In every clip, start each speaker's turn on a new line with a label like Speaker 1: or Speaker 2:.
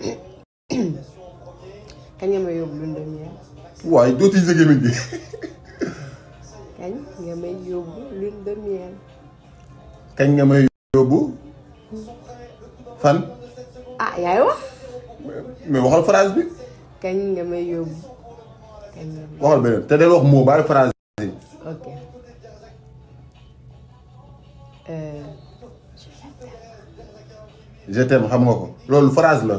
Speaker 1: kañ nga may yóbbu lune de miel. waaye dootuñu sa gémmiñ gi. kañ nga may yóbbu lune de miel. kañ nga may yóbbu. fan. ah yaay wax. mais waxal phrase bi. kañ nga may yóbbu. kañ nga may waxal beneen te del wax moo bàyyi phrase bi. ok. Euh, je t'aime. je t'aime xam nga ko loolu phrase la.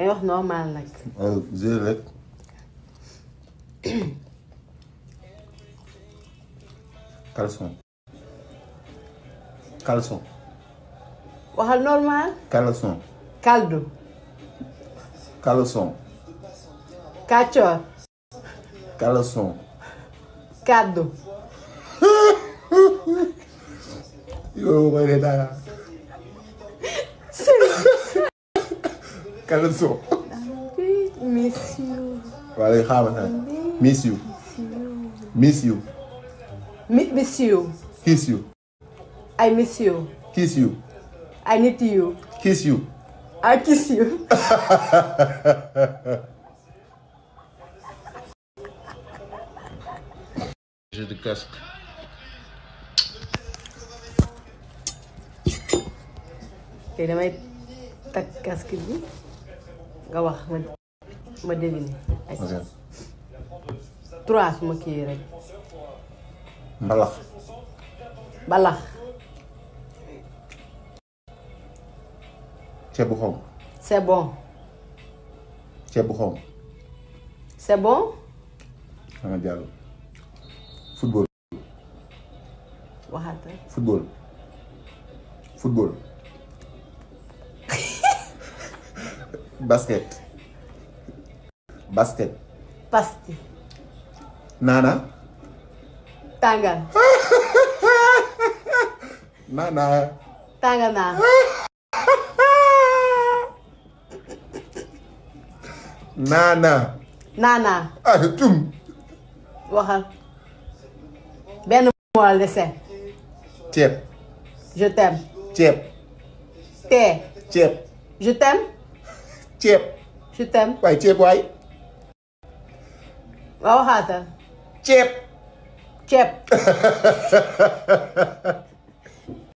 Speaker 1: day wax normal nag. waaw zéro rek. caleçon. caleçon. waxal normal. caleçon. caldo. caleçon. kàccoor. caleçon. kaddu. yow mooy de dara. miss you. miss you. miss you. miss you. miss you. kiss you. I miss you. kiss you. I need you. kiss you. I kiss you. casque. casque nga wax ma ma devine. ok. ma kii rek. mbalax. mbalax. ceeb bu xonk. c'est bon. ceeb bu xonk. c'est bon. Ama Diallo. football. waxaata. football. football. basket. basket. pasti. naana. tàngal. naana. tàngal naa. naana. naana. ay ah, tum. waxal. benn mool dese. ceeb. je t'aime. ceeb. tee. ceeb. je t'aime. chẹp System Quẩy chẹp quẩy Gõ hạt à Chẹp Chẹp